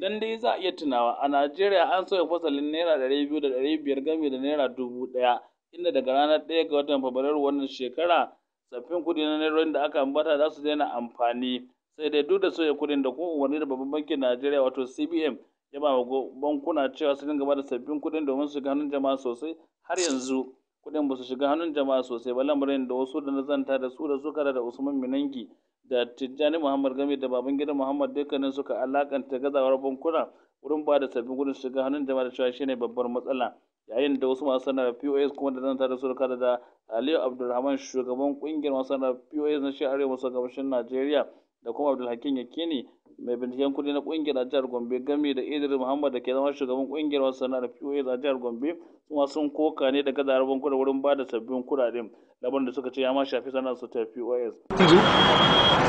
Idan dai za a iya tunawa, a Najeriya an sauya fasalin Naira biyu da 500 game da Naira dubu 1000, inda daga ranar 1 ga watan Fabrairu wannan shekara, tsaffin kuɗi na naira da aka ambata za su daina amfani, sai dai duk da sauya kuɗin da kuma umarnin da Babban Bankin Najeriya wato CBN ya ba wa bankuna cewa su dinga da sabbin kuɗin domin su shiga hannun jama'a sosai, har yanzu kuɗin ba su shiga hannun jama'a sosai ba lamarin da wasu da na zanta da su da suka da Usman Minangi da Tijjani Muhammad game da Babangida Muhammad dukkanin suka alakanta gazawar bankuna wurin ba da sabbin gudun shiga hannun jama'a da cewa shine babbar matsala yayin da wasu masu sanar POS kuma da zanta da su kada da Aliyu Abdulrahman shugaban kungiyar masu sanar POS na shi arewa gabashin Najeriya da kuma Abdulhakim Yakini mai binciken kudi na kungiyar a jihar Gombe game da Idris Muhammad da ke zama shugaban kungiyar masu sana'ar POS a jihar Gombe kuma sun koka ne da gazawar bankuna wurin ba da sabbin kudaden labarin da suka ce ya ma shafi sana'ar su ta POS.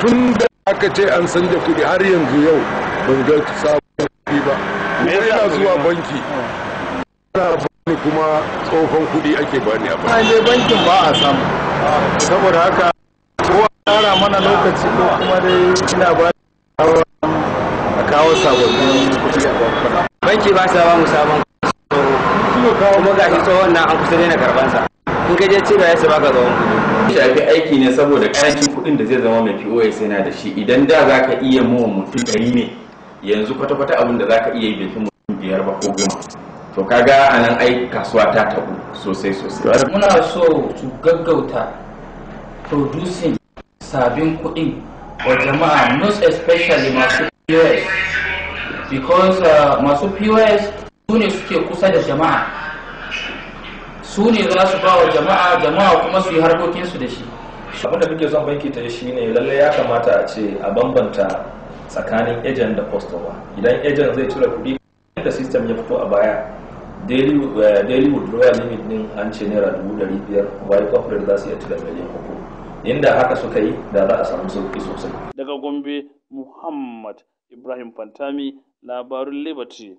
tun da aka ce an sanja kuɗi har yanzu yau ban ga sabon kuɗi ba me yana zuwa banki ana bani kuma tsohon kuɗi ake bani a banki ne bankin ba a samu saboda haka kowa tsara mana lokaci ko kuma dai ina ba a kawo sabon kuɗi a bankuna banki ba sa ba mu sabon kuma shi tsohon na an kusa daina karbansa in ka je ba ya ce baka tsohon kuɗi shafi aiki ne saboda ƙarancin kuɗin da zai zama mai pos yana da shi idan da za ka iya mawa mutum ɗari ne yanzu kwata-kwata abin da za ka iya yi bai mutum biyar ba ko goma to kaga a nan ai kasuwa ta taɓu sosai sosai muna so su gaggauta producing sabbin kuɗin wa jama'a most especially masu pos because uh, masu pos su ne suke kusa da jama'a su ne za su ba wa jama'a jama'a kuma su yi harkokinsu da shi abin da muke son banki ta yi shine lallai ya kamata a ce a bambanta tsakanin ejen da customer idan ejen zai cire kuɗi da system ya fito a baya daily eh, withdrawal limit din an ce naira dubu ɗari biyar wai corporate za su iya cire miliyan uku inda haka suka yi da za a samu sauki sosai daga gombe muhammad ibrahim fantami labarun liberty